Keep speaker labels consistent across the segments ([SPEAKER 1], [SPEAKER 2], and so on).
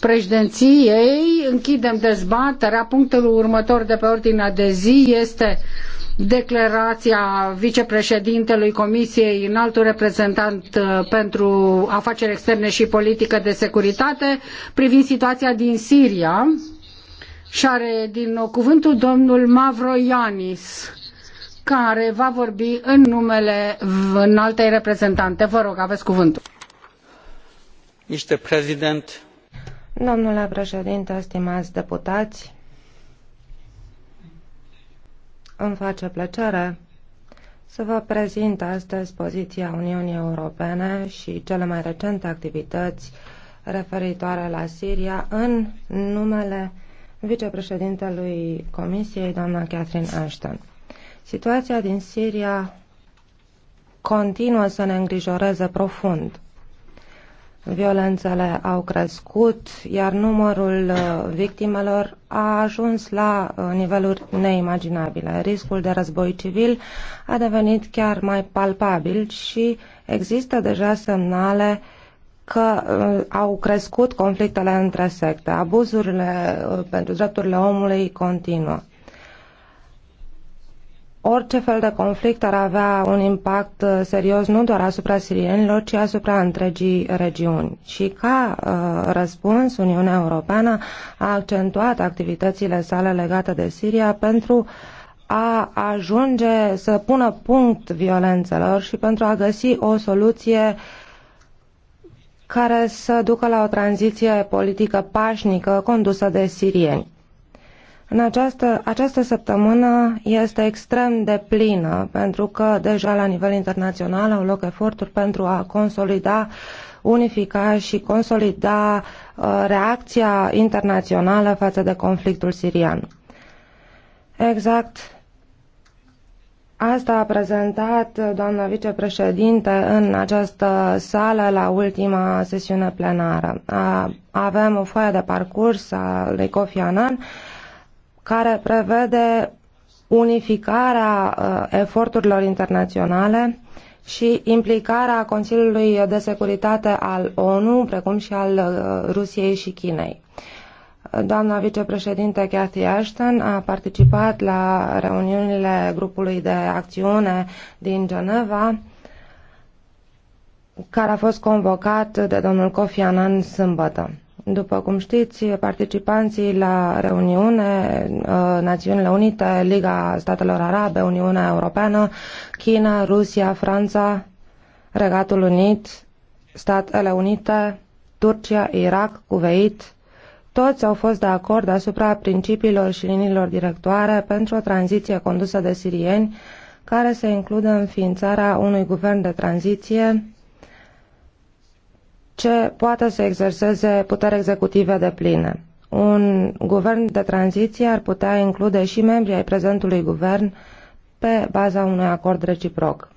[SPEAKER 1] președinției închidem dezbaterea. Punctul următor de pe ordinea de zi este declarația vicepreședintelui Comisiei înaltul reprezentant uh, pentru afaceri externe și politică de securitate privind situația din Siria și are din nou cuvântul domnul Mavroianis care va vorbi în numele
[SPEAKER 2] înaltei reprezentante. Vă rog, aveți cuvântul. Domnule președinte, stimați deputați, îmi face plăcere să vă prezint astăzi poziția Uniunii Europene și cele mai recente activități referitoare la Siria în numele vicepreședintelui Comisiei, doamna Catherine Ashton. Situația din Siria continuă să ne îngrijoreze profund violențele au crescut, iar numărul uh, victimelor a ajuns la uh, niveluri neimaginabile. Riscul de război civil a devenit chiar mai palpabil și există deja semnale că uh, au crescut conflictele între secte. Abuzurile pentru drepturile omului continuă orice fel de conflict ar avea un impact uh, serios nu doar asupra sirienilor, ci asupra întregii regiuni. Și ca uh, răspuns, Uniunea Europeană a accentuat activitățile sale legate de Siria pentru a ajunge să pună punct violențelor și pentru a găsi o soluție care să ducă la o tranziție politică pașnică condusă de sirieni. În această, această săptămână este extrem de plină, pentru că deja la nivel internațional au loc eforturi pentru a consolida, unifica și consolida uh, reacția internațională față de conflictul sirian. Exact Asta a prezentat doamna vicepreședinte în această sală la ultima sesiune plenară. Avem o foaie de parcurs a lui Kofi Annan care prevede unificarea uh, eforturilor internaționale și implicarea Consiliului de Securitate al ONU, precum și al uh, Rusiei și Chinei. Doamna vicepreședinte Cathy Ashton a participat la reuniunile grupului de acțiune din Geneva, care a fost convocat de domnul Kofi Annan sâmbătă. După cum știți, participanții la reuniune, uh, Națiunile Unite, Liga Statelor Arabe, Uniunea Europeană, China, Rusia, Franța, Regatul Unit, Statele Unite, Turcia, Irak, Kuwait, toți au fost de acord asupra principiilor și liniilor directoare pentru o tranziție condusă de sirieni, care să includă înființarea unui guvern de tranziție ce poate să exerseze putere executive de pline. Un guvern de tranziție ar putea include și membrii ai prezentului guvern pe baza unui acord reciproc.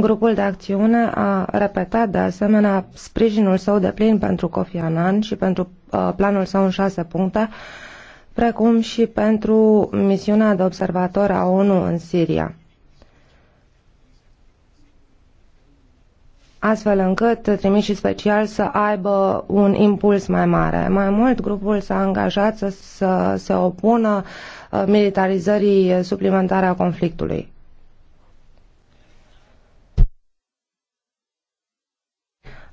[SPEAKER 2] Grupul de acțiune a repetat de asemenea sprijinul său de plin pentru Kofi Annan și pentru uh, planul său în șase puncte, precum și pentru misiunea de observator a ONU în Siria. astfel încât trimișii special să aibă un impuls mai mare. Mai mult, grupul s-a angajat să, să se opună uh, militarizării suplimentare a conflictului.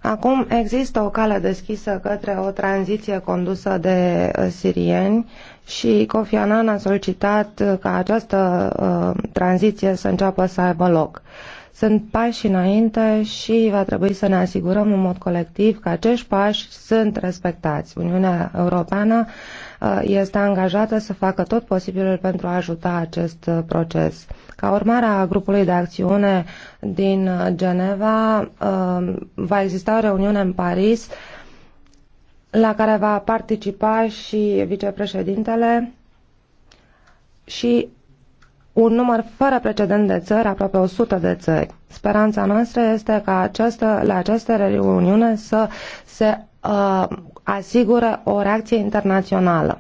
[SPEAKER 2] Acum există o cale deschisă către o tranziție condusă de uh, sirieni și Kofi Annan a solicitat uh, ca această uh, tranziție să înceapă să aibă loc. Uh, sunt pași înainte și va trebui să ne asigurăm în mod colectiv că acești pași sunt respectați. Uniunea Europeană uh, este angajată să facă tot posibilul pentru a ajuta acest uh, proces. Ca urmare a grupului de acțiune din Geneva, uh, va exista o reuniune în Paris la care va participa și vicepreședintele și un număr fără precedent de țări, aproape 100 de țări. Speranța noastră este ca această, la această reuniune să se uh, asigure o reacție internațională.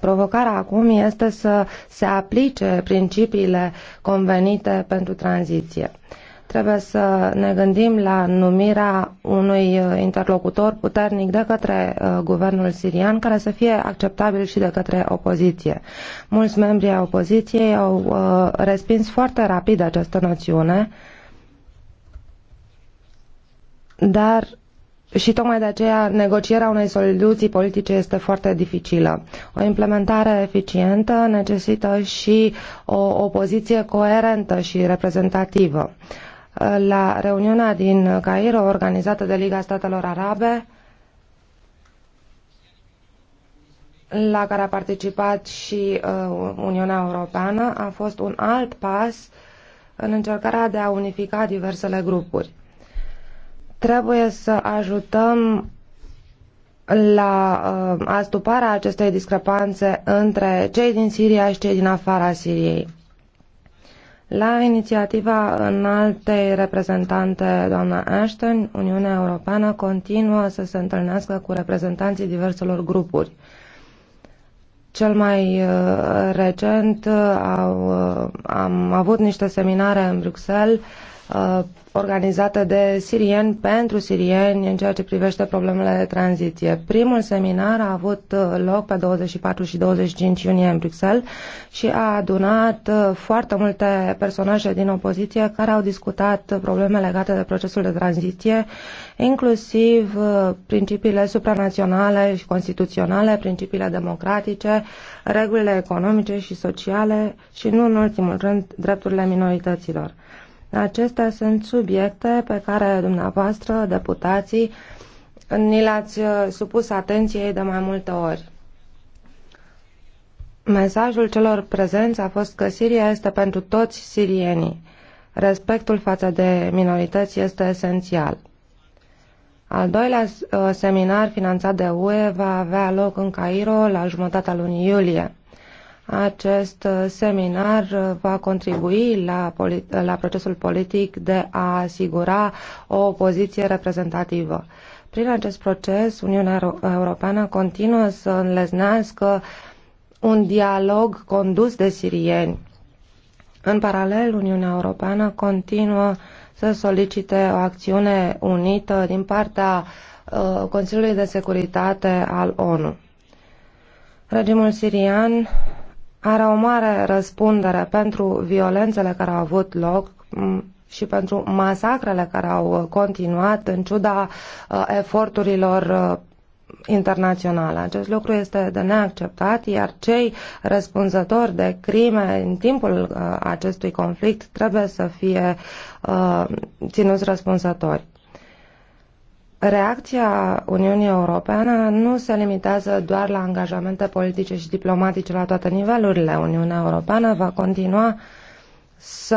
[SPEAKER 2] Provocarea acum este să se aplice principiile convenite pentru tranziție. Uh, Trebuie să ne gândim la numirea unui uh, interlocutor puternic de către uh, guvernul sirian care să fie acceptabil și de către opoziție. Mulți membri ai opoziției au uh, respins foarte rapid această noțiune, dar și tocmai de aceea negocierea unei soluții politice este foarte dificilă. O implementare eficientă necesită și o opoziție coerentă și reprezentativă. Uh, la reuniunea din Cairo organizată de Liga Statelor Arabe, la care a participat și uh, Uniunea Europeană, a fost un alt pas în încercarea de a unifica diversele grupuri. Trebuie să ajutăm la uh, astuparea acestei discrepanțe între cei din Siria și cei din afara Siriei. La inițiativa înaltei reprezentante, doamna Ashton, Uniunea Europeană continuă să se întâlnească cu reprezentanții diverselor grupuri. Cel mai uh, recent uh, au, uh, am avut niște seminare în Bruxelles Uh, organizată de sirieni pentru sirieni în ceea ce privește problemele de tranziție. Primul seminar a avut uh, loc pe 24 și 25 iunie în Bruxelles și a adunat uh, foarte multe personaje din opoziție care au discutat probleme legate de procesul de tranziție, inclusiv principiile supranaționale și constituționale, principiile democratice, regulile economice și sociale și, nu în ultimul rând, drepturile minorităților. Acestea sunt subiecte pe care dumneavoastră, deputații, ni le-ați uh, supus atenției de mai multe ori. Mesajul celor prezenți a fost că Siria este pentru toți sirienii. Respectul față de minorități este esențial. Al doilea uh, seminar finanțat de UE va avea loc în Cairo la jumătatea lunii iulie. Acest seminar va contribui la, la procesul politic de a asigura o poziție reprezentativă. Prin acest proces, Uniunea Europeană continuă să înleznească un dialog condus de sirieni. În paralel, Uniunea Europeană continuă să solicite o acțiune unită din partea uh, Consiliului de Securitate al ONU. Regimul sirian are o mare răspundere pentru violențele care au avut loc și pentru masacrele care au uh, continuat în ciuda uh, eforturilor uh, internaționale. Acest lucru este de neacceptat, iar cei răspunzători de crime în timpul acestui conflict trebuie să fie uh, ținuți răspunzători. Reacția Uniunii Europeană nu se limitează doar la angajamente politice și diplomatice la toate nivelurile. Uniunea Europeană va continua să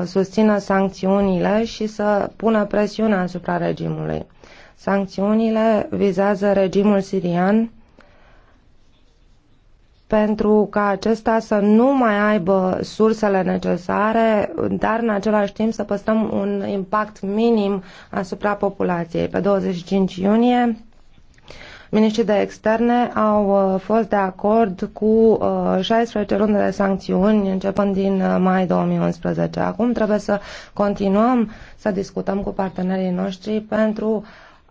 [SPEAKER 2] uh, susțină sancțiunile și să pună presiune asupra regimului. Sancțiunile vizează regimul sirian pentru ca acesta să nu mai aibă sursele necesare, dar în același timp să păstrăm un impact minim asupra populației. Pe 25 iunie, Ministrii de externe au uh, fost de acord cu 16 uh, runde de sancțiuni începând din uh, mai 2011. Acum trebuie să continuăm să discutăm cu partenerii noștri pentru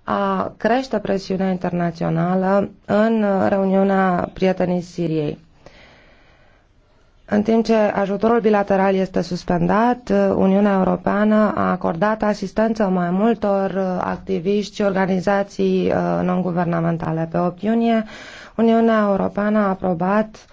[SPEAKER 2] a crește presiunea internațională în reuniunea prietenii Siriei. În timp ce ajutorul bilateral este suspendat, Uniunea Europeană a acordat asistență mai multor activiști și organizații uh, non-guvernamentale. Pe 8 iunie, Uniunea Europeană a aprobat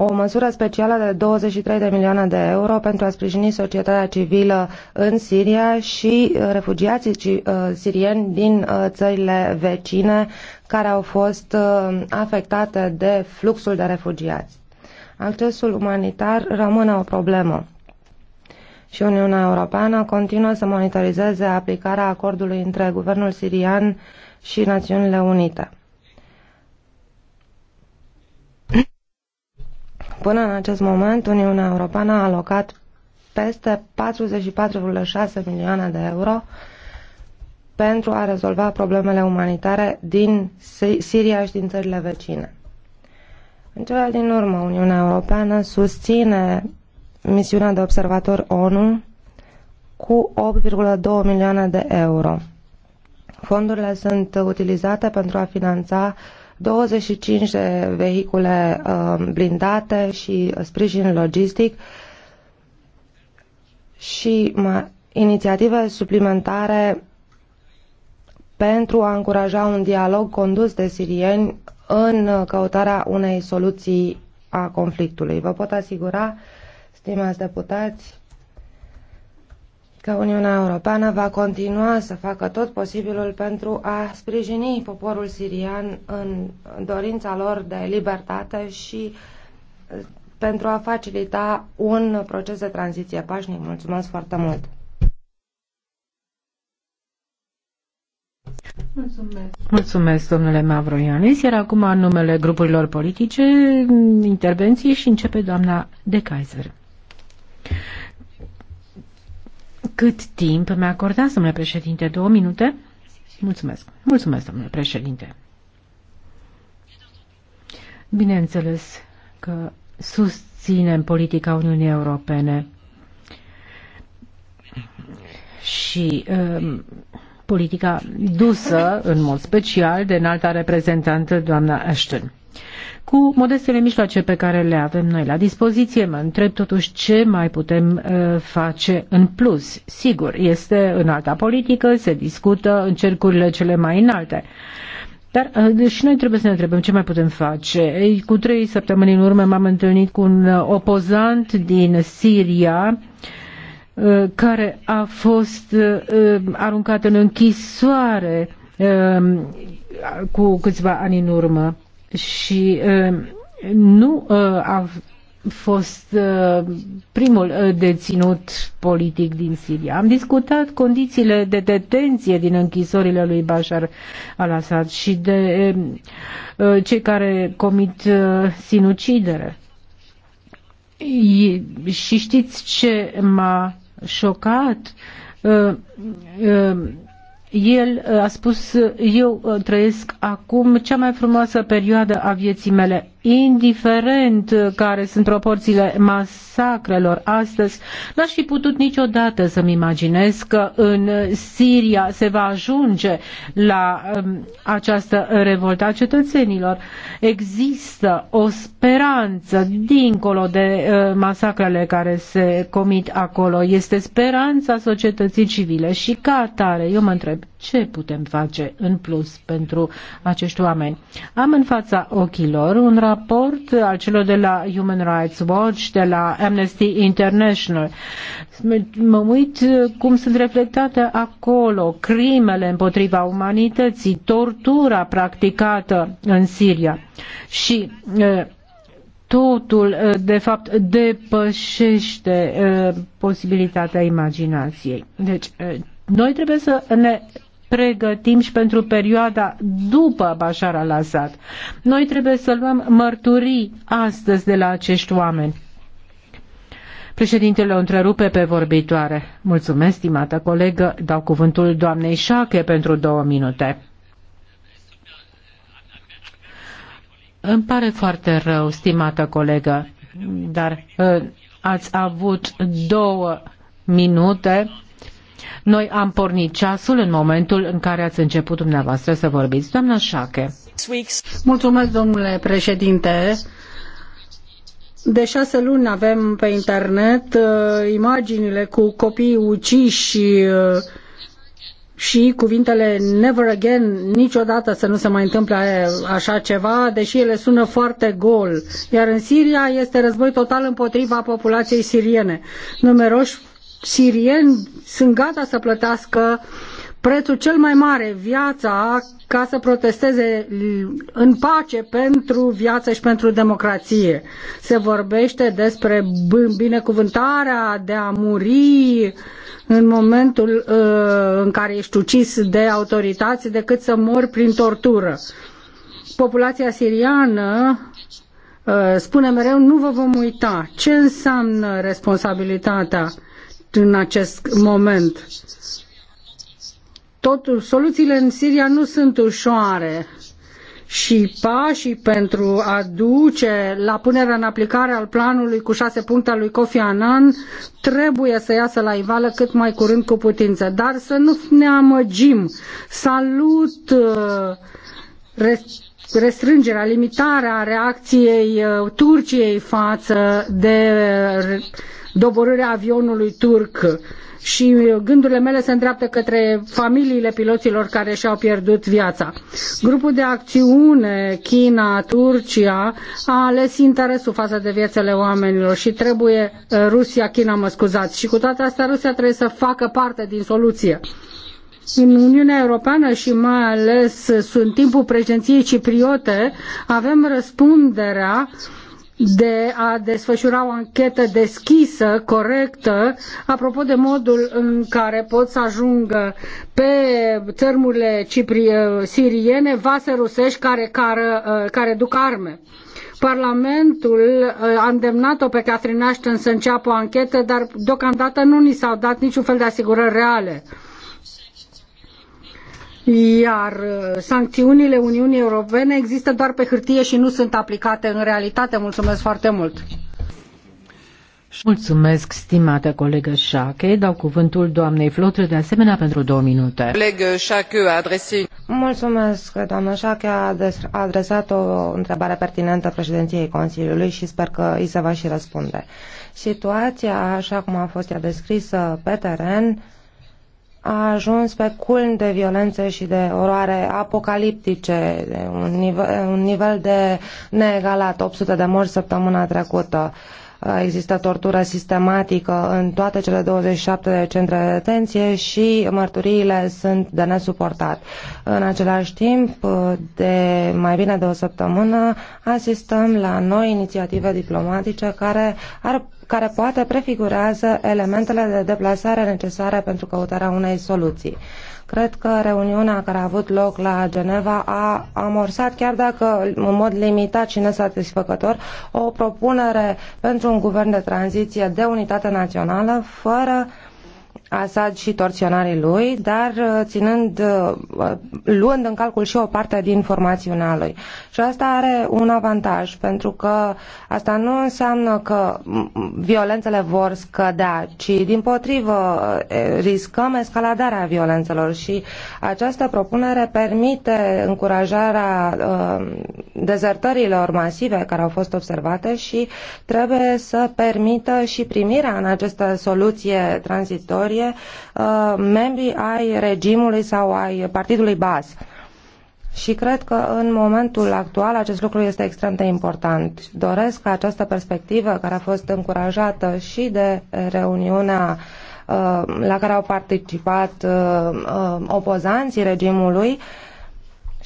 [SPEAKER 2] o măsură specială de 23 de milioane de euro pentru a sprijini societatea civilă în Siria și uh, refugiații uh, sirieni din uh, țările vecine care au fost afectate de fluxul de refugiați. Accesul umanitar rămâne o problemă și Uniunea Europeană continuă să monitorizeze aplicarea acordului între guvernul sirian și Națiunile Unite. Până în acest moment, Uniunea Europeană a alocat peste 44,6 milioane de euro pentru a rezolva problemele umanitare din Siria și din țările vecine. În cele din urmă, Uniunea Europeană susține misiunea de observator ONU cu 8,2 milioane de euro. Fondurile sunt utilizate pentru a finanța 25 de vehicule uh, blindate și sprijin logistic și inițiative suplimentare pentru a încuraja un dialog condus de sirieni în căutarea unei soluții a conflictului. Vă pot asigura, stimați deputați, că Uniunea Europeană va continua să facă tot posibilul pentru a sprijini poporul sirian în dorința lor de libertate și uh, pentru a facilita un proces de tranziție pașnic. Mulțumesc foarte mult! Mulțumesc.
[SPEAKER 3] Mulțumesc, domnule Mavroianis. Iar acum, în numele grupurilor politice, intervenție și începe doamna De Kaiser. Cât timp mi-a acordat, domnule președinte? Două minute? Mulțumesc. Mulțumesc, domnule președinte. Bineînțeles că susținem politica Uniunii Europene și um, politica dusă în mod special de înalta reprezentantă, doamna Ashton. Cu modestele mijloace pe care le avem noi la dispoziție, mă întreb totuși ce mai putem uh, face în plus. Sigur, este în alta politică, se discută în cercurile cele mai înalte. Dar uh, și noi trebuie să ne întrebăm ce mai putem face. Cu trei săptămâni în urmă m-am întâlnit cu un uh, opozant din Siria care a fost aruncat în închisoare cu câțiva ani în urmă și nu a fost primul deținut politic din Siria. Am discutat condițiile de detenție din închisorile lui Bashar al-Assad și de cei care comit sinucidere. Și știți ce m-a șocat? El uh, a spus, uh, eu uh, trăiesc acum cea mai frumoasă perioadă a vieții mele indiferent care sunt proporțiile masacrelor astăzi, n-aș fi putut niciodată să-mi imaginez că în Siria se va ajunge la um, această revoltă a cetățenilor. Există o speranță dincolo de uh, masacrele care se comit acolo. Este speranța societății civile și ca atare, eu mă întreb, ce putem face în plus pentru acești oameni? Am în fața ochilor un raport al celor de la Human Rights Watch, de la Amnesty International. Mă uit uh, cum sunt reflectate acolo crimele împotriva umanității, tortura practicată în Siria. Și uh, totul, uh, de fapt, depășește posibilitatea imaginației. Deci, noi trebuie să ne pregătim și pentru perioada după Bashar al-Assad. Noi trebuie să luăm mărturii astăzi de la acești oameni. Președintele o întrerupe pe vorbitoare. Mulțumesc, stimată colegă. Dau cuvântul doamnei Șache pentru două minute. Îmi pare foarte rău, stimată colegă, dar uh, ați avut două minute noi am pornit ceasul în momentul în care ați început dumneavoastră să vorbiți. Doamna Șache.
[SPEAKER 1] Mulțumesc, domnule președinte. De șase luni avem pe internet uh, imaginile cu copiii uciși uh, și cuvintele never again, niciodată să nu se mai întâmple așa ceva, deși ele sună foarte gol. Iar în Siria este război total împotriva populației siriene. Numeroși sirieni sunt gata să plătească prețul cel mai mare, viața, ca să protesteze în pace pentru viață și pentru democrație. Se vorbește despre binecuvântarea de a muri în momentul uh, în care ești ucis de autorități decât să mori prin tortură. Populația siriană uh, spune mereu nu vă vom uita. Ce înseamnă responsabilitatea? în acest moment. Totul, soluțiile în Siria nu sunt ușoare și pașii pentru a duce la punerea în aplicare al planului cu șase puncte al lui Kofi Annan trebuie să iasă la ivală cât mai curând cu putință. Dar să nu ne amăgim. Salut uh, restrângerea, limitarea reacției uh, Turciei față de doborârea avionului turc și uh, gândurile mele se îndreaptă către familiile piloților care și-au pierdut viața. Grupul de acțiune China-Turcia a ales interesul față de viețele oamenilor și trebuie uh, Rusia, China, mă scuzați, și cu toate astea Rusia trebuie să facă parte din soluție în Uniunea Europeană și mai ales uh, în timpul președinției cipriote, avem răspunderea de a desfășura o anchetă deschisă, corectă, apropo de modul în care pot să ajungă pe țărmurile cipri, uh, siriene vase rusești care, care, uh, care duc arme. Parlamentul uh, a îndemnat-o pe Catherine Ashton să înceapă o anchetă, dar deocamdată nu ni s-au dat niciun fel de asigurări reale iar uh, sancțiunile Uniunii Europene există doar pe hârtie și nu sunt aplicate în realitate. Mulțumesc foarte mult!
[SPEAKER 3] Mulțumesc, stimată colegă Șache. Dau cuvântul doamnei Flotră de asemenea pentru două minute.
[SPEAKER 2] a adresat... Mulțumesc, doamna Șache a adresat o întrebare pertinentă președinției Consiliului și sper că îi se va și răspunde. Situația, așa cum a fost ea descrisă pe teren, a ajuns pe culm de violențe și de oroare apocaliptice, un, nivel, un nivel de neegalat, 800 de morți săptămâna trecută. Uh, există tortură sistematică în toate cele 27 de centre de detenție și mărturiile sunt de nesuportat. În același timp, de mai bine de o săptămână, asistăm la noi inițiative diplomatice care ar care poate prefigurează elementele de deplasare necesare pentru căutarea unei soluții. Cred că reuniunea care a avut loc la Geneva a amorsat, chiar dacă în mod limitat și nesatisfăcător, o propunere pentru un guvern de tranziție de unitate națională fără uh, Assad și torționarii lui, dar uh, ținând, uh, uh, luând în calcul și o parte din formațiunea lui. Și asta are un avantaj, pentru că asta nu înseamnă că violențele vor scădea, ci din potrivă riscăm escaladarea violențelor și această propunere permite încurajarea dezertărilor masive care au fost observate și trebuie să permită și primirea în această soluție tranzitorie trebuie uh, ai regimului sau ai partidului baz. Și cred că în momentul actual acest lucru este extrem de important. Doresc ca această perspectivă, care a fost încurajată și de reuniunea uh, la care au participat uh, uh opozanții regimului, uh,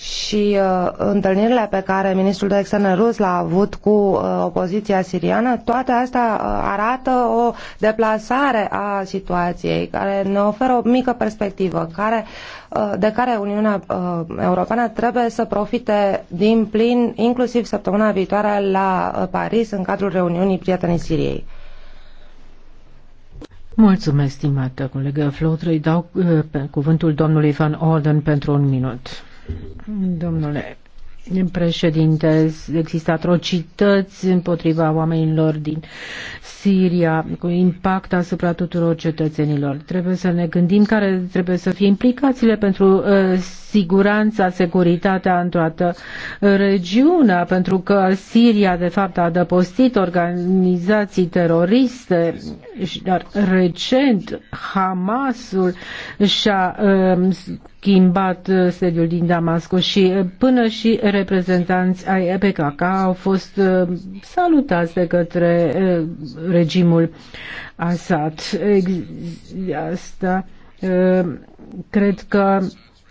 [SPEAKER 2] și uh, întâlnirile pe care ministrul de externe rus l-a avut cu uh, opoziția siriană, toate astea uh, arată o deplasare a situației care ne oferă o mică perspectivă care, uh, de care Uniunea uh, Europeană trebuie să profite din plin, inclusiv săptămâna viitoare la uh, Paris în cadrul reuniunii Prietenii Siriei.
[SPEAKER 3] Mulțumesc, stimată colegă Îi Dau uh, cuvântul domnului Van Orden pentru un minut. Domnule președinte, există atrocități împotriva oamenilor din Siria, cu impact asupra tuturor cetățenilor. Trebuie să ne gândim care trebuie să fie implicațiile pentru uh, siguranța, securitatea în toată regiunea, pentru că Siria, de fapt, a adăpostit organizații teroriste, dar recent Hamasul și-a um, schimbat sediul din Damascus și uh, până și reprezentanți ai PKK au fost uh, salutați de către uh, regimul Assad. Asta cred că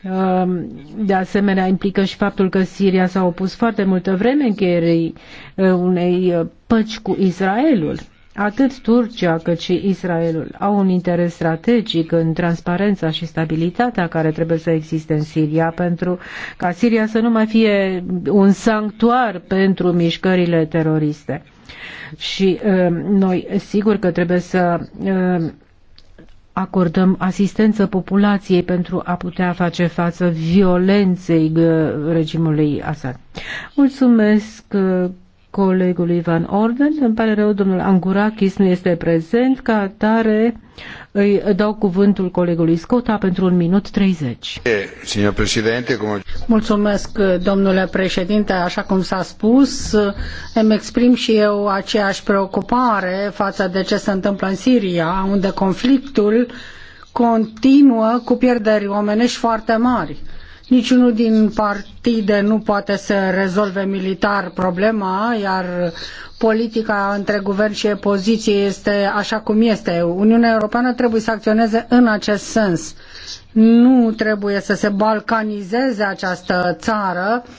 [SPEAKER 3] Um, de asemenea, implică și faptul că Siria s-a opus foarte multă vreme încheierii uh, unei uh, păci cu Israelul. Atât Turcia cât și Israelul au un interes strategic în transparența și stabilitatea care trebuie să existe în Siria pentru ca Siria să nu mai fie un sanctuar pentru mișcările teroriste. Și uh, noi sigur că trebuie să uh, acordăm asistență populației pentru a putea face față violenței uh, regimului Assad. Mulțumesc uh, colegului Van Orden. Îmi pare rău, domnul Angurakis nu este prezent. Ca tare îi dau cuvântul colegului Scota pentru un minut 30.
[SPEAKER 1] Mulțumesc, domnule președinte. Așa cum s-a spus, îmi exprim și eu aceeași preocupare față de ce se întâmplă în Siria, unde conflictul continuă cu pierderi omenești foarte mari Niciunul din partide nu poate să rezolve militar problema, iar politica între guvern și opoziție este așa cum este. Uniunea Europeană trebuie să acționeze în acest sens. Nu trebuie să se balcanizeze această țară, uh,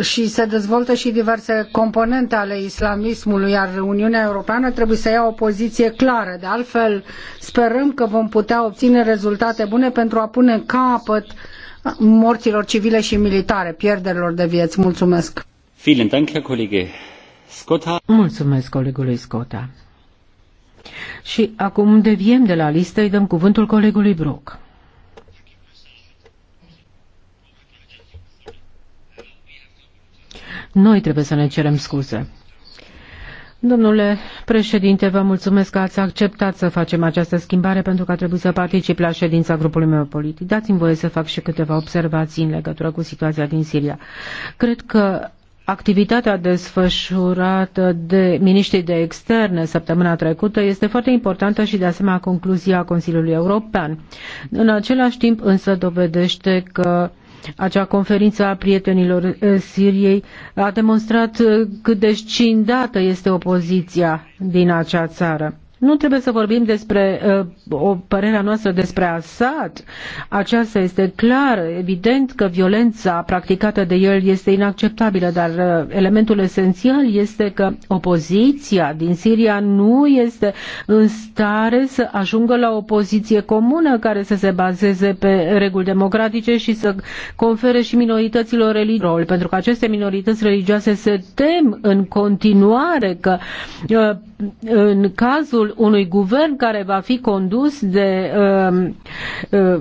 [SPEAKER 1] și se dezvoltă și diverse componente ale islamismului, iar Uniunea Europeană trebuie să ia o poziție clară. De altfel, sperăm că vom putea obține rezultate bune pentru a pune capăt morților civile și militare, pierderilor de vieți. Mulțumesc!
[SPEAKER 3] Mulțumesc colegului Scotta. Și acum deviem de la listă, îi dăm cuvântul colegului Brock. noi trebuie să ne cerem scuze. Domnule președinte, vă mulțumesc că ați acceptat să facem această schimbare pentru că a trebuit să particip la ședința grupului meu politic. Dați-mi voie să fac și câteva observații în legătură cu situația din Siria. Cred că activitatea desfășurată de miniștrii de externe săptămâna trecută este foarte importantă și de asemenea concluzia Consiliului European. În același timp însă dovedește că acea conferință a prietenilor eh, Siriei a demonstrat eh, cât de scindată este opoziția din acea țară. Nu trebuie să vorbim despre uh, o părerea noastră despre Assad. Aceasta este clară. Evident că violența practicată de el este inacceptabilă, dar uh, elementul esențial este că opoziția din Siria nu este în stare să ajungă la o poziție comună care să se bazeze pe reguli democratice și să confere și minorităților religioase, pentru că aceste minorități religioase se tem în continuare că uh, în cazul unui guvern care va fi condus de uh, uh,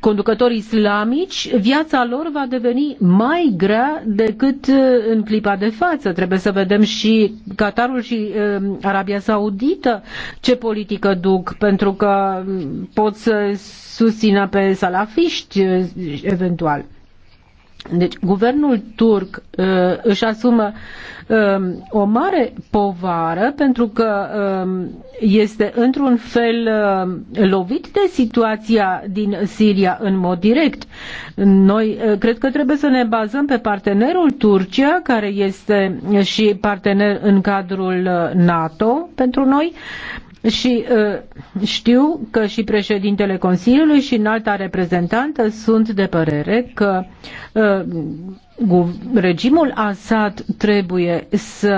[SPEAKER 3] conducători islamici, viața lor va deveni mai grea decât uh, în clipa de față. Trebuie să vedem și Qatarul și um, Arabia Saudită ce politică duc, pentru că pot să susțină pe salafiști uh, eventual. Deci, guvernul turc uh, își asumă uh, o mare povară pentru că uh, este într-un fel uh, lovit de situația din Siria în mod direct. Noi uh, cred că trebuie să ne bazăm pe partenerul Turcia, care este și partener în cadrul uh, NATO pentru noi. Uh, și uh, știu că și președintele Consiliului și înalta reprezentantă sunt de părere că uh, regimul Assad trebuie să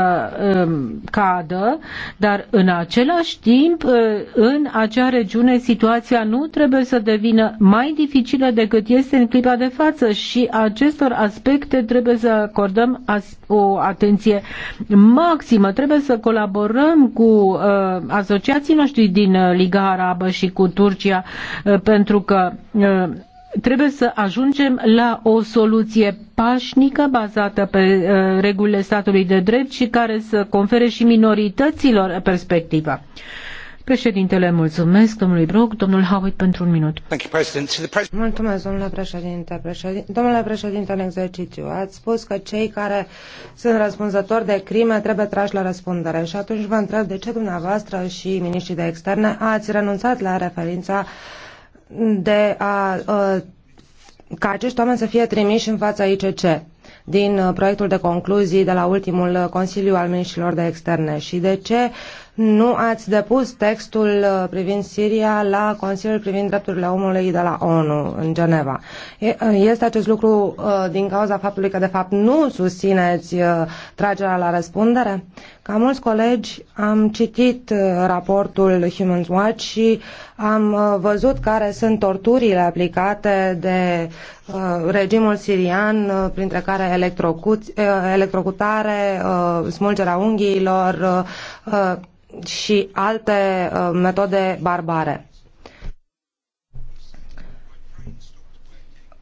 [SPEAKER 3] um, cadă, dar în același timp uh, în acea regiune situația nu trebuie să devină mai dificilă decât este în clipa de față și acestor aspecte trebuie să acordăm o atenție maximă. Trebuie să colaborăm cu uh, asociații noștri din uh, Liga Arabă și cu Turcia pentru că Trebuie să ajungem la o soluție pașnică bazată pe uh, regulile statului de drept și care să confere și minorităților perspectiva. Președintele, mulțumesc domnului Brock, domnul Howitt pentru un minut.
[SPEAKER 2] Mulțumesc, domnule președinte. președinte. Domnule președinte, în exercițiu, ați spus că cei care sunt răspunzători de crime trebuie trași la răspundere și atunci vă întreb de ce dumneavoastră și miniștrii de externe ați renunțat la referința uh, de a, uh, ca acești oameni să fie trimiși în fața ICC din uh, proiectul de concluzii de la ultimul uh, Consiliu al Ministrilor de Externe și de ce nu ați depus textul privind Siria la Consiliul privind drepturile omului de la ONU în Geneva. Este acest lucru din cauza faptului că de fapt nu susțineți tragerea la răspundere? Ca mulți colegi, am citit uh, raportul Human Watch și am uh, văzut care sunt torturile aplicate de uh, regimul sirian, printre care electrocutare, smulgerea unghiilor și alte metode barbare.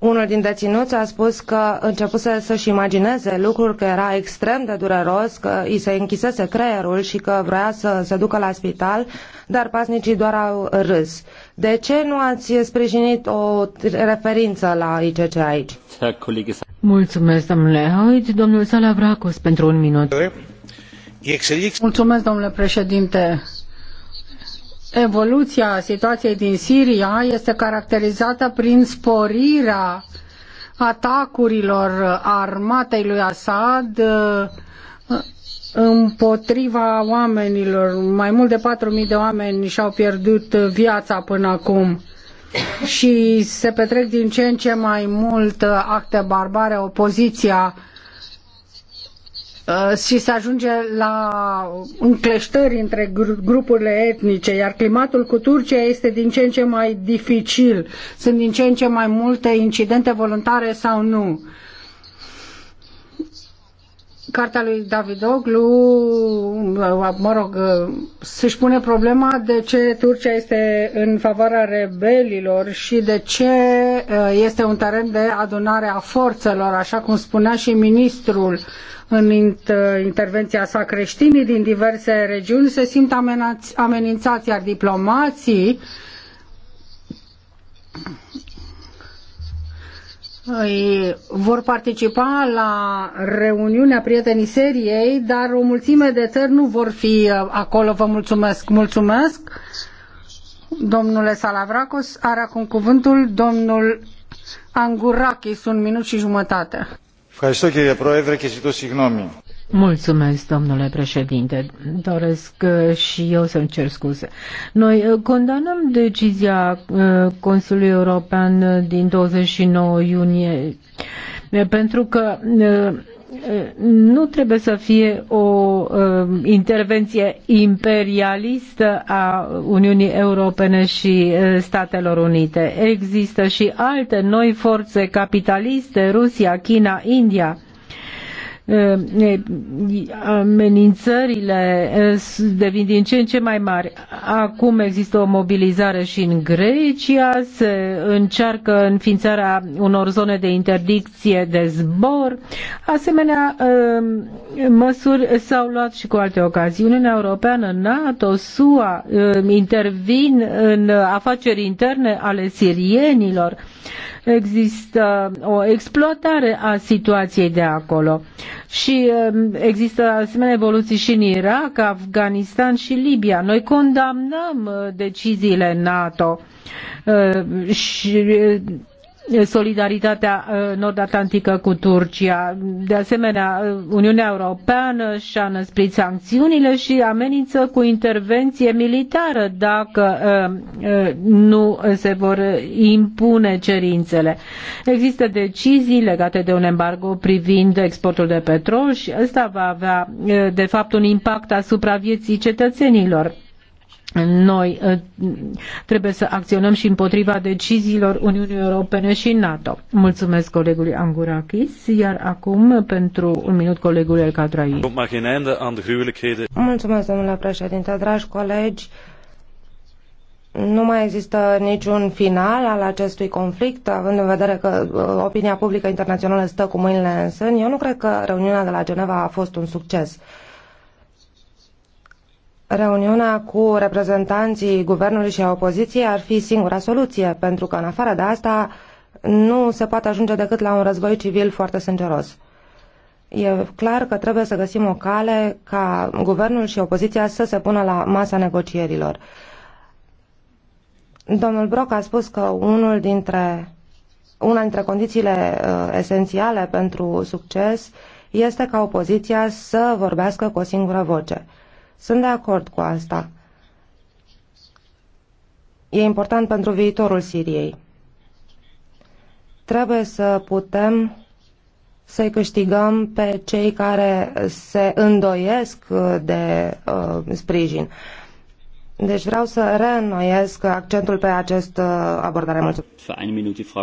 [SPEAKER 2] Unul din deținuți a spus că începuse să-și imagineze lucruri, că era extrem de dureros, că i se închisese creierul și că vrea să se ducă la spital, dar pasnicii doar au râs. De ce nu ați sprijinit o referință la ICC aici?
[SPEAKER 3] Mulțumesc, domnule Hoit. Domnul Salavracos, pentru un minut. Mulțumesc, domnule președinte
[SPEAKER 1] evoluția situației din Siria este caracterizată prin sporirea atacurilor armatei lui Assad uh, împotriva oamenilor. Mai mult de 4.000 de oameni și-au pierdut viața până acum și se petrec din ce în ce mai mult acte barbare. Opoziția Uh, și se ajunge la încleștări între grupurile etnice, iar climatul cu Turcia este din ce în ce mai dificil. Sunt din ce în ce mai multe incidente voluntare sau nu. Uh, cartea lui Oglu, mă rog, se-și pune problema de ce Turcia este în favoarea rebelilor și de ce uh, este un teren de adunare a forțelor, așa cum spunea și ministrul în intervenția sa creștinii din diverse regiuni se simt amenați, amenințați, iar diplomații vor participa la reuniunea prietenii seriei, dar o mulțime de țări nu vor fi uh, acolo. Vă mulțumesc! Mulțumesc! Domnule Salavracos, are acum cuvântul domnul Angurakis, un minut și jumătate.
[SPEAKER 4] Ευχαριστώ κύριε Πρόεδρε και ζητώ συγγνώμη.
[SPEAKER 3] Mulțumesc, domnule președinte. Doresc uh, și eu să-mi cer scuze. Noi uh, condamnăm decizia uh, Consiliului European din 29 iunie pentru că nu trebuie să fie o intervenție imperialistă a Uniunii Europene și Statelor Unite. Există și alte noi forțe capitaliste, Rusia, China, India Eh, amenințările eh, devin din ce în ce mai mari. Acum există o mobilizare și în Grecia, se încearcă înființarea unor zone de interdicție de zbor. Asemenea, eh, măsuri s-au luat și cu alte ocazii. Uniunea Europeană, NATO, SUA intervin în afaceri interne ale sirienilor există o exploatare a situației de acolo. Și um, există asemenea evoluții și în Irak, Afganistan și Libia. Noi condamnăm uh, deciziile NATO uh, și uh, solidaritatea uh, nord-atlantică cu Turcia. De asemenea, uh, Uniunea Europeană și-a năsprit sancțiunile și amenință cu intervenție militară dacă uh, nu se vor impune cerințele. Există decizii legate de un embargo privind exportul de petrol și ăsta va avea, de fapt, un impact asupra vieții cetățenilor noi uh, trebuie să acționăm și împotriva deciziilor Uniunii Europene și NATO. Mulțumesc colegului Angurakis, iar acum pentru un minut colegul El Cadrai.
[SPEAKER 2] Mulțumesc, domnule președinte, dragi colegi. Nu mai există niciun final al acestui conflict, având în vedere că uh, opinia publică internațională stă cu mâinile în sân. Eu nu cred că reuniunea de la Geneva a fost un succes reuniunea cu reprezentanții guvernului și a opoziției ar fi singura soluție, pentru că în afară de asta nu se poate ajunge decât la un război civil foarte sângeros. E clar că trebuie să găsim o cale ca guvernul și opoziția să se pună la masa negocierilor. Domnul Broc a spus că unul dintre, una dintre condițiile uh, esențiale pentru succes este ca opoziția să vorbească cu o singură voce. Uh, sunt de acord cu asta. E important pentru viitorul Siriei. Trebuie să putem să-i câștigăm pe cei care se îndoiesc de uh, sprijin. Deci vreau să reînnoiesc accentul pe această uh, abordare.
[SPEAKER 1] Mulțumesc.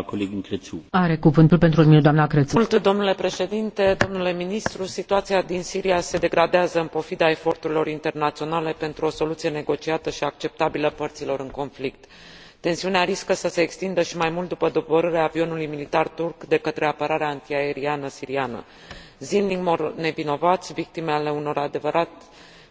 [SPEAKER 2] Are cuvântul pentru un minut, doamna Crețu.
[SPEAKER 4] Mult, domnule președinte, domnule ministru, situația din Siria se degradează în pofida eforturilor internaționale pentru o soluție negociată și acceptabilă părților în conflict. Tensiunea riscă să se extindă și mai mult după doborârea avionului militar turc de către apărarea antiaeriană siriană. Zilnic mor nevinovați, victime ale unor adevărate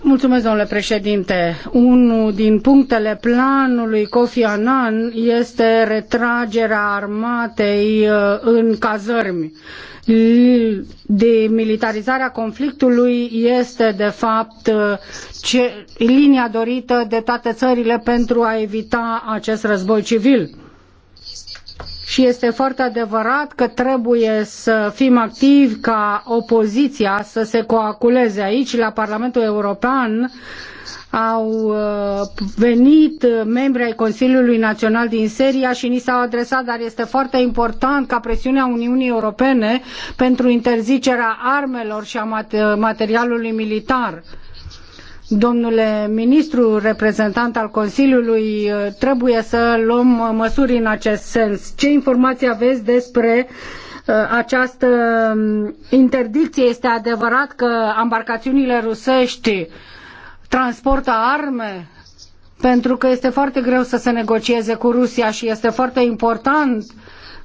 [SPEAKER 1] Mulțumesc, domnule președinte. Unul din punctele planului Kofi Annan este retragerea armatei uh, în cazărmi. Demilitarizarea conflictului este, de fapt, uh, ce, linia dorită de toate țările pentru a evita acest război civil și este foarte adevărat că trebuie să fim activi ca opoziția să se coaculeze aici la Parlamentul European au uh, venit membri ai Consiliului Național din Seria și ni s-au adresat, dar este foarte important ca presiunea Uniunii Europene pentru interzicerea armelor și a materialului militar Domnule ministru, reprezentant al Consiliului, trebuie să luăm măsuri în acest sens. Ce informații aveți despre uh, această um, interdicție? Este adevărat că embarcațiunile rusești transportă arme? Pentru că este foarte greu să se negocieze cu Rusia și este foarte important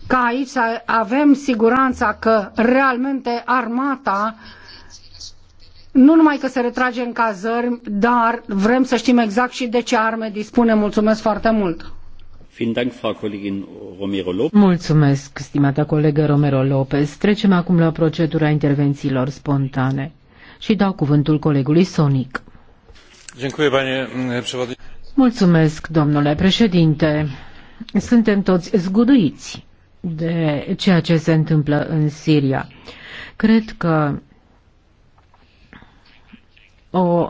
[SPEAKER 1] ca aici să avem siguranța că realmente armata uh, nu numai că se retrage în cazări, dar vrem să știm exact și de ce arme dispune. Mulțumesc foarte
[SPEAKER 3] mult! Mulțumesc, stimată colegă Romero Lopez. Trecem acum la procedura intervențiilor spontane și dau cuvântul colegului Sonic. Mulțumesc, domnule președinte. Suntem toți zguduiți de ceea ce se întâmplă în Siria. Cred că o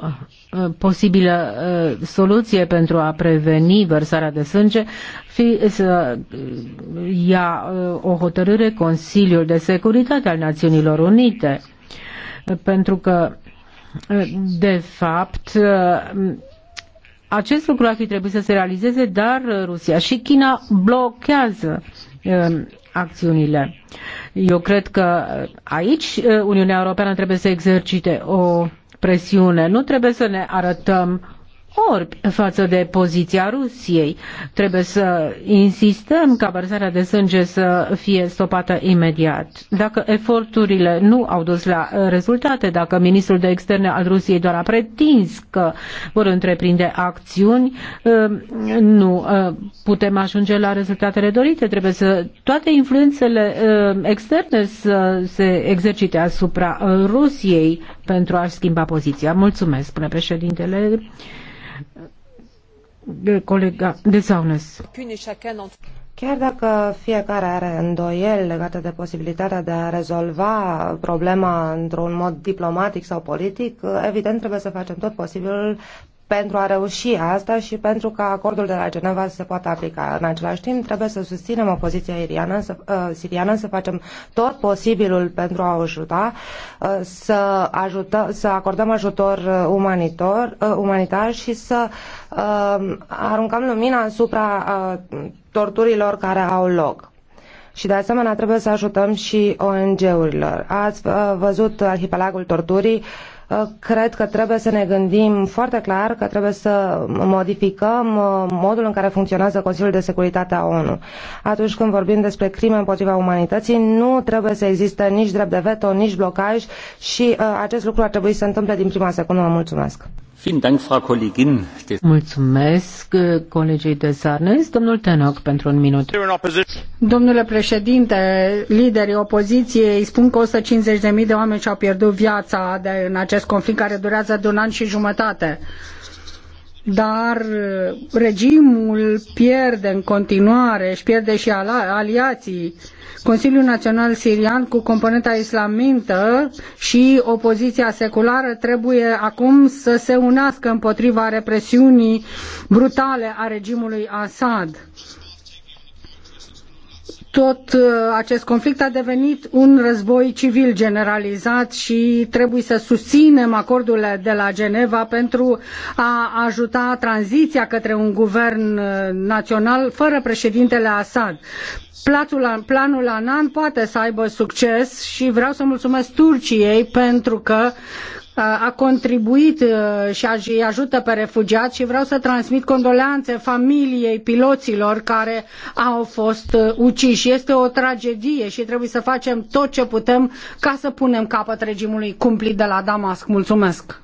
[SPEAKER 3] uh, posibilă uh, soluție pentru a preveni vărsarea de sânge fi să uh, ia o hotărâre Consiliul de Securitate al Națiunilor Unite. Pentru că, de fapt, acest lucru ar fi trebuit să se realizeze, dar Rusia și China blochează acțiunile. Eu cred că aici Uniunea Europeană trebuie să exercite o presiune. Nu trebuie să ne arătăm orbi față de poziția Rusiei. Trebuie să insistăm ca vărsarea de sânge să fie stopată imediat. Dacă eforturile nu au dus la rezultate, dacă ministrul de externe al Rusiei doar a pretins că vor întreprinde acțiuni, um, nu uh, putem ajunge la rezultatele dorite. Trebuie să toate influențele um, externe să se exercite asupra uh, Rusiei pentru a-și schimba poziția. Mulțumesc, spune președintele colega de Saunes.
[SPEAKER 2] Chiar dacă fiecare are îndoieli legate de posibilitatea de a rezolva problema într-un mod diplomatic sau politic, evident trebuie să facem tot posibilul pentru a reuși asta și pentru ca acordul de la Geneva să se poată aplica. În același timp, trebuie să susținem opoziția iriană, să, uh, siriană, să facem tot posibilul pentru a o ajuta, uh, să, ajută, să acordăm ajutor uh, umanitor, uh, umanitar și să uh, aruncăm lumina asupra uh, torturilor care au loc. Și de asemenea trebuie să ajutăm și ONG-urilor. Ați uh, văzut Arhipelagul Torturii, uh, Uh, cred că trebuie să ne gândim foarte clar că trebuie să modificăm uh, modul în care funcționează Consiliul de Securitate a ONU. Atunci când vorbim despre crime împotriva umanității, nu trebuie să existe nici drept de veto, nici blocaj și uh, acest lucru ar trebui să se întâmple din prima secundă. Mulțumesc!
[SPEAKER 3] Mulțumesc eh, colegii de Sarnes. Domnul Tenoc, pentru un minut.
[SPEAKER 1] Domnule președinte, liderii opoziției spun că 150.000 de oameni și-au pierdut viața de, în acest conflict care durează de un an și jumătate dar uh, regimul pierde în continuare, și pierde și aliații. Consiliul Național Sirian cu componenta islamintă și opoziția seculară trebuie acum să se unească împotriva represiunii brutale a regimului Assad tot uh, acest conflict a devenit un război civil generalizat și trebuie să susținem acordurile de la Geneva pentru a ajuta tranziția către un guvern uh, național fără președintele Assad. Platul, planul Anan poate să aibă succes și vreau să mulțumesc Turciei pentru că a contribuit și îi ajută pe refugiați și vreau să transmit condoleanțe familiei piloților care au fost uciși. Este o tragedie și trebuie să facem tot ce putem ca să punem capăt regimului cumplit de la Damasc. Mulțumesc!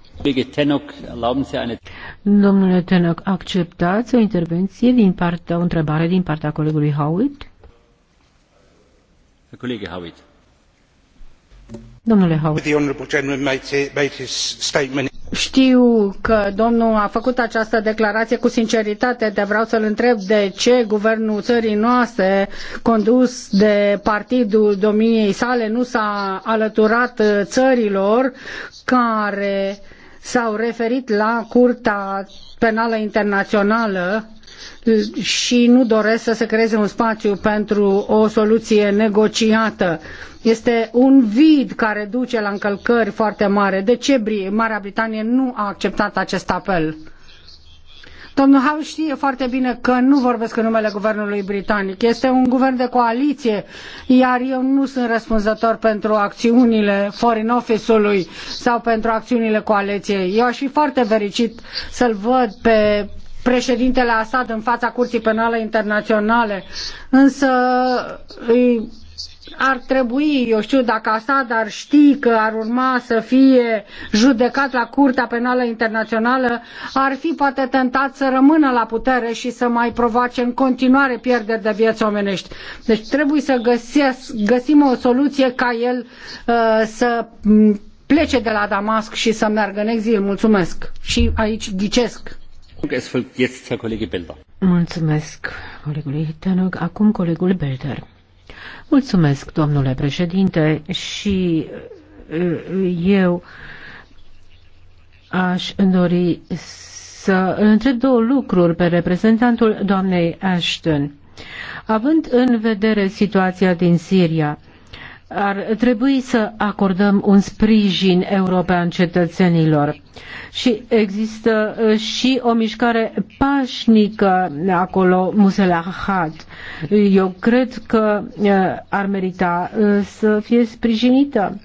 [SPEAKER 3] Domnule Tenoc, acceptați o intervenție din partea, o întrebare din partea colegului Howitt?
[SPEAKER 4] Colegii Howitt.
[SPEAKER 1] Știu că domnul a făcut această declarație cu sinceritate, dar vreau să-l întreb de ce guvernul țării noastre, condus de partidul domniei sale, nu s-a alăturat uh, țărilor care s-au referit la Curtea Penală Internațională și nu doresc să se creeze un spațiu pentru o soluție negociată. Este un vid care duce la încălcări foarte mari. De ce Marea Britanie nu a acceptat acest apel? Domnul Howe știe foarte bine că nu vorbesc în numele guvernului britanic. Este un guvern de coaliție, iar eu nu sunt răspunzător pentru acțiunile Foreign Office-ului sau pentru acțiunile coaliției. Eu aș fi foarte fericit să-l văd pe președintele Assad în fața Curții Penale Internaționale, însă ar trebui, eu știu, dacă Assad ar ști că ar urma să fie judecat la Curtea Penală Internațională, ar fi poate tentat să rămână la putere și să mai provoace în continuare pierderi de vieți omenești. Deci trebuie să găsesc, găsim o soluție ca el uh, să mm, plece de la Damasc și să meargă în exil.
[SPEAKER 3] Mulțumesc. Și aici ghicesc. Mulțumesc colegului Tanog. Acum colegul Belder. Mulțumesc, domnule președinte, și uh, eu aș dori să întreb două lucruri pe reprezentantul doamnei Ashton. Având în vedere situația din Siria, ar trebui să acordăm un sprijin european cetățenilor. Și există uh, și o mișcare pașnică acolo, Muselahat. Eu cred că uh, ar merita uh, să fie sprijinită.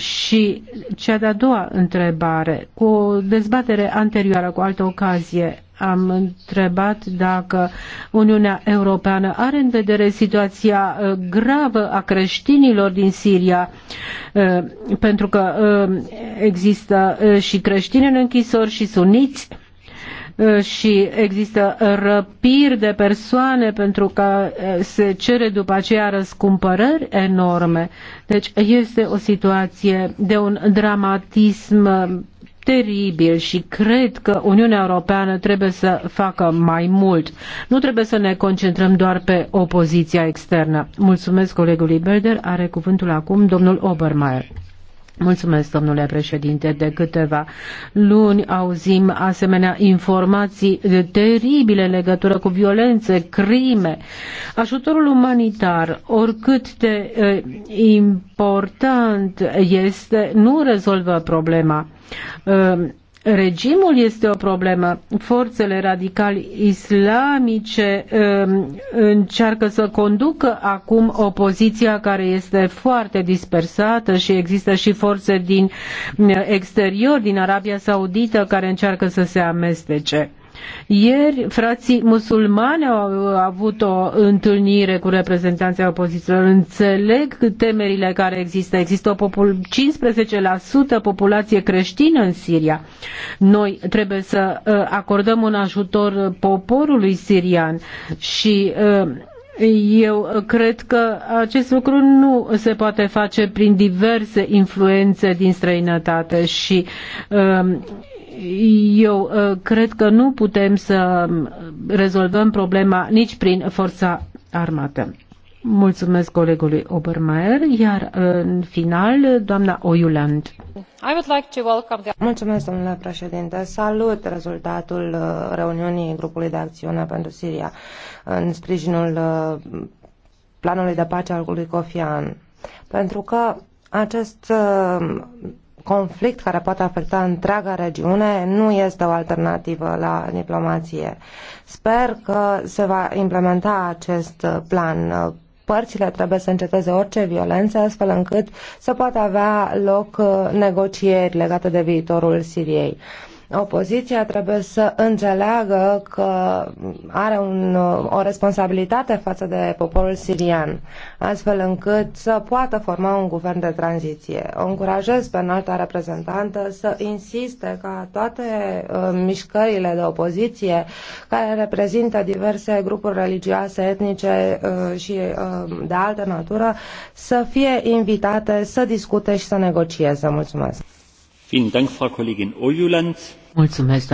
[SPEAKER 3] Și cea de-a doua întrebare, cu o dezbatere anterioară, cu altă ocazie, am întrebat dacă Uniunea Europeană are în vedere situația uh, gravă a creștinilor din Siria, uh, pentru că uh, există și creștini în închisori și suniți Uh, și există răpiri de persoane pentru că uh, se cere după aceea răscumpărări enorme. Deci este o situație de un dramatism uh, teribil și cred că Uniunea Europeană trebuie să facă mai mult. Nu trebuie să ne concentrăm doar pe opoziția externă. Mulțumesc colegului Belder. Are cuvântul acum domnul Obermeier. Mulțumesc, domnule președinte. De câteva luni auzim asemenea informații teribile în legătură cu violențe, crime. Ajutorul umanitar, oricât de important este, nu rezolvă problema Regimul este o problemă. Forțele radicali islamice um, încearcă să conducă acum opoziția care este foarte dispersată și există și forțe din uh, exterior, din Arabia Saudită, care încearcă să se amestece. Ieri, frații musulmani au avut o întâlnire cu reprezentanții opozițiilor. Înțeleg temerile care există. Există o popul- 15% populație creștină în Siria. Noi trebuie să uh, acordăm un ajutor poporului sirian și uh, eu cred că acest lucru nu se poate face prin diverse influențe din străinătate și uh, eu uh, cred că nu putem să um, rezolvăm problema nici prin forța armată. Mulțumesc colegului Obermeier, iar uh, în final, doamna Oiuland.
[SPEAKER 2] Mulțumesc, domnule președinte. Salut rezultatul uh, reuniunii grupului de acțiune pentru Siria în sprijinul planului de pace al lui Kofi Pentru că acest conflict care poate afecta întreaga regiune nu este o alternativă la diplomație. Sper că se va implementa acest plan părțile trebuie să înceteze orice violență, astfel încât să poată avea loc negocieri legate de viitorul Siriei. Opoziția trebuie să înțeleagă că are un, o responsabilitate față de poporul sirian, astfel încât să poată forma un guvern de tranziție. O încurajez pe înalta reprezentantă să insiste ca toate uh, mișcările de opoziție care reprezintă diverse grupuri religioase, etnice uh, și uh, de altă natură să fie invitate să discute și să negocieze. Mulțumesc! Mulțumesc,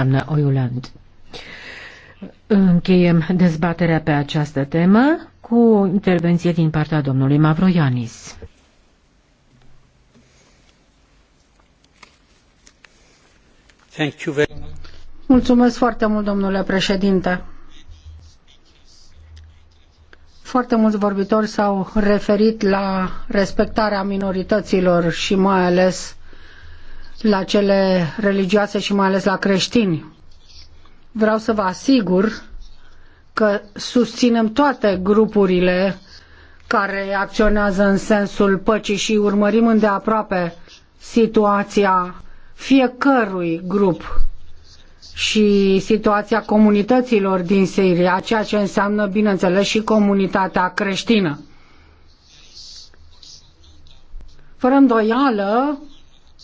[SPEAKER 2] Încheiem dezbaterea
[SPEAKER 3] pe această temă cu o intervenție din partea domnului Mavroianis.
[SPEAKER 1] Mulțumesc foarte mult, domnule președinte. Foarte mulți vorbitori s-au referit la respectarea minorităților și mai ales la cele religioase și mai ales la creștini. Vreau să vă asigur că susținem toate grupurile care acționează în sensul păcii și urmărim îndeaproape situația fiecărui grup și situația comunităților din Siria, ceea ce înseamnă, bineînțeles, și comunitatea creștină. Fără îndoială,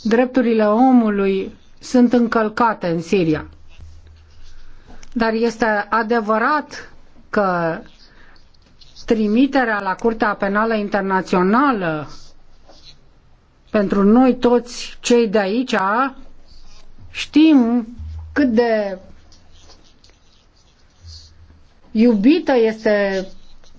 [SPEAKER 1] drepturile omului sunt încălcate în Siria. Dar este adevărat că trimiterea la Curtea Penală Internațională pentru noi toți cei de aici știm cât de iubită este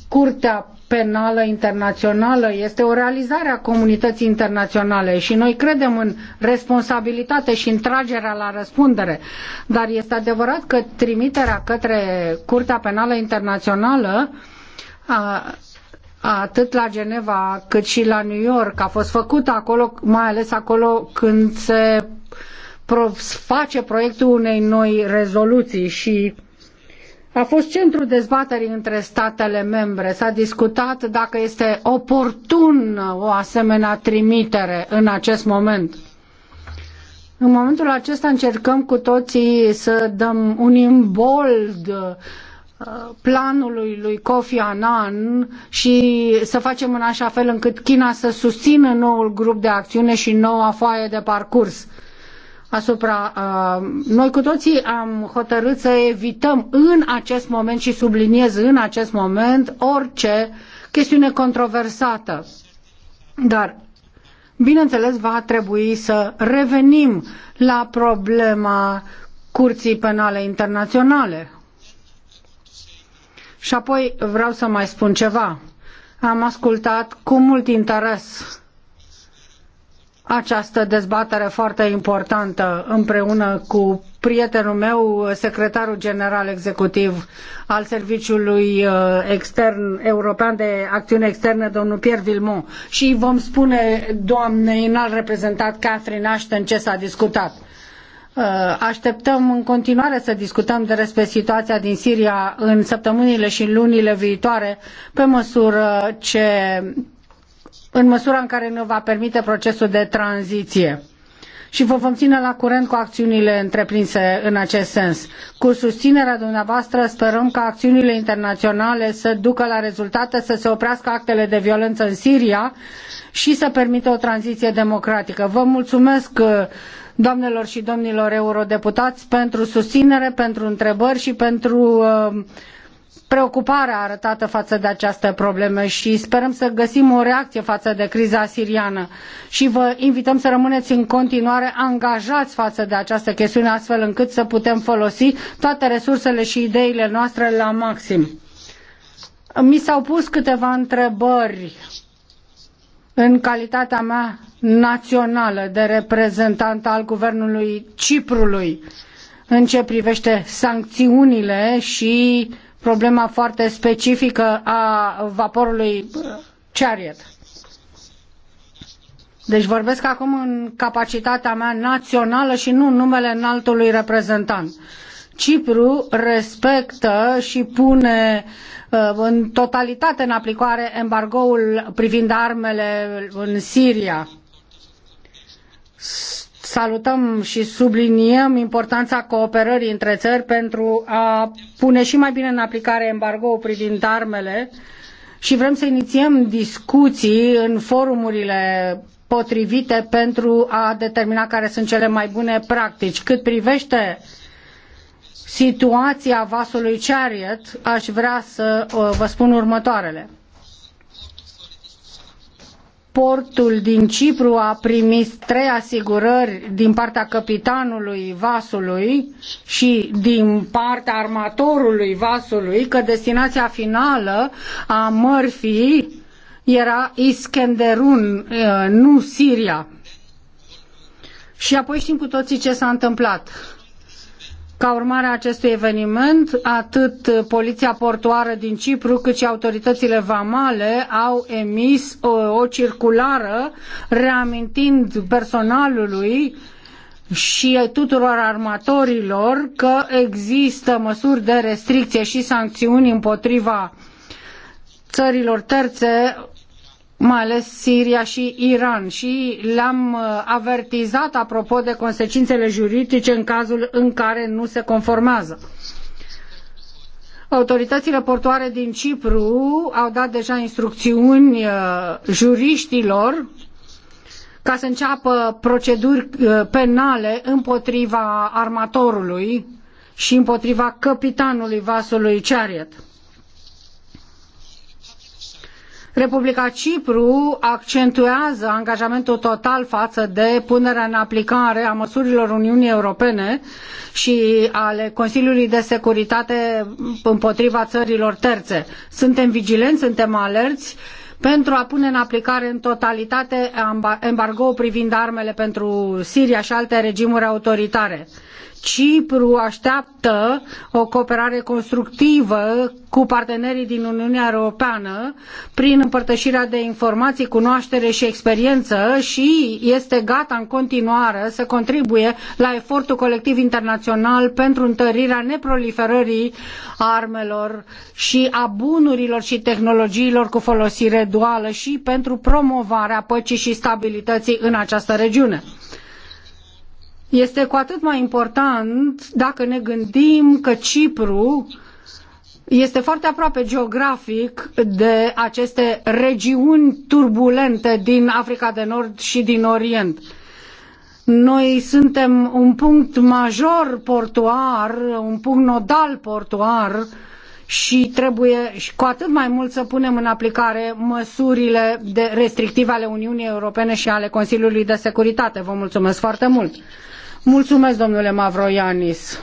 [SPEAKER 1] Curtea penală internațională este o realizare a comunității internaționale și noi credem în responsabilitate și în tragerea la răspundere. Dar este adevărat că trimiterea către Curtea Penală Internațională a, atât la Geneva cât și la New York a fost făcută acolo, mai ales acolo când se face proiectul unei noi rezoluții și a fost centrul dezbaterii între statele membre. S-a discutat dacă este oportun o asemenea trimitere în acest moment. În momentul acesta încercăm cu toții să dăm un imbold uh, planului lui Kofi Annan și să facem în așa fel încât China să susțină noul grup de acțiune și noua foaie de parcurs asupra. Uh, noi cu toții am hotărât să evităm în acest moment și subliniez în acest moment orice chestiune controversată. Dar Bineînțeles, va trebui să revenim la problema Curții Penale Internaționale. Și apoi vreau să mai spun ceva. Am ascultat cu mult interes această dezbatere foarte importantă împreună cu prietenul meu, secretarul general executiv al Serviciului uh, Extern European de Acțiune Externă, domnul Pierre Vilmont. Și vom spune doamnei înalt reprezentat Catherine Ashton ce s-a discutat. Uh, așteptăm în continuare să discutăm despre situația din Siria în săptămânile și în lunile viitoare, pe măsură ce în măsura în care ne va permite procesul de tranziție și vă vom ține la curent cu acțiunile întreprinse în acest sens. Cu susținerea dumneavoastră sperăm ca acțiunile internaționale să ducă la rezultate, să se oprească actele de violență în Siria și să permită o tranziție democratică. Vă mulțumesc uh, doamnelor și domnilor eurodeputați pentru susținere, pentru întrebări și pentru uh, preocuparea arătată față de această problemă și sperăm să găsim o reacție față de criza siriană și vă invităm să rămâneți în continuare angajați față de această chestiune astfel încât să putem folosi toate resursele și ideile noastre la maxim. Mi s-au pus câteva întrebări în calitatea mea națională de reprezentant al guvernului Ciprului în ce privește sancțiunile și problema foarte specifică a vaporului Chariot. Deci vorbesc acum în capacitatea mea națională și nu în numele înaltului reprezentant. Cipru respectă și pune uh, în totalitate în aplicare embargoul privind armele în Siria Salutăm și subliniem importanța cooperării între țări pentru a pune și mai bine în aplicare embargoul privind armele și vrem să inițiem discuții în forumurile potrivite pentru a determina care sunt cele mai bune practici. Cât privește situația vasului Chariot, aș vrea să uh, vă spun următoarele portul din Cipru a primit trei asigurări din partea capitanului vasului și din partea armatorului vasului că destinația finală a mărfii era Iskenderun, eh, nu Siria. Și apoi știm cu toții ce s-a întâmplat ca urmare a acestui eveniment, atât Poliția Portoară din Cipru cât și autoritățile vamale au emis o, o circulară reamintind personalului și tuturor armatorilor că există măsuri de restricție și sancțiuni împotriva țărilor terțe mai ales Siria și Iran și le-am uh, avertizat apropo de consecințele juridice în cazul în care nu se conformează. Autoritățile portoare din Cipru au dat deja instrucțiuni uh, juriștilor ca să înceapă proceduri uh, penale împotriva armatorului și împotriva capitanului vasului Chariot. Republica Cipru accentuează angajamentul total față de punerea în aplicare a măsurilor Uniunii Europene și ale Consiliului de Securitate împotriva țărilor terțe. Suntem vigilenți, suntem alerți pentru a pune în aplicare în totalitate embargoul privind armele pentru Siria și alte regimuri autoritare Cipru așteaptă o cooperare constructivă cu partenerii din Uniunea Europeană prin împărtășirea de informații, cunoaștere și experiență și este gata în continuare să contribuie la efortul colectiv internațional pentru întărirea neproliferării armelor și a bunurilor și tehnologiilor cu folosire duală și pentru promovarea păcii și stabilității în această regiune este cu atât mai important dacă ne gândim că Cipru este foarte aproape geografic de aceste regiuni turbulente din Africa de Nord și din Orient. Noi suntem un punct major portuar, un punct nodal portuar și trebuie și cu atât mai mult să punem în aplicare măsurile de restrictive ale Uniunii Europene și ale Consiliului de Securitate. Vă mulțumesc foarte mult! Mulțumesc, domnule Mavroianis.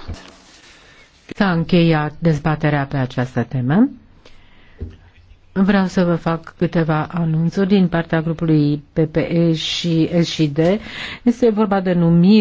[SPEAKER 3] S-a încheiat dezbaterea pe această temă. Vreau să vă fac câteva anunțuri din partea grupului PPE și SID. Este vorba de numiri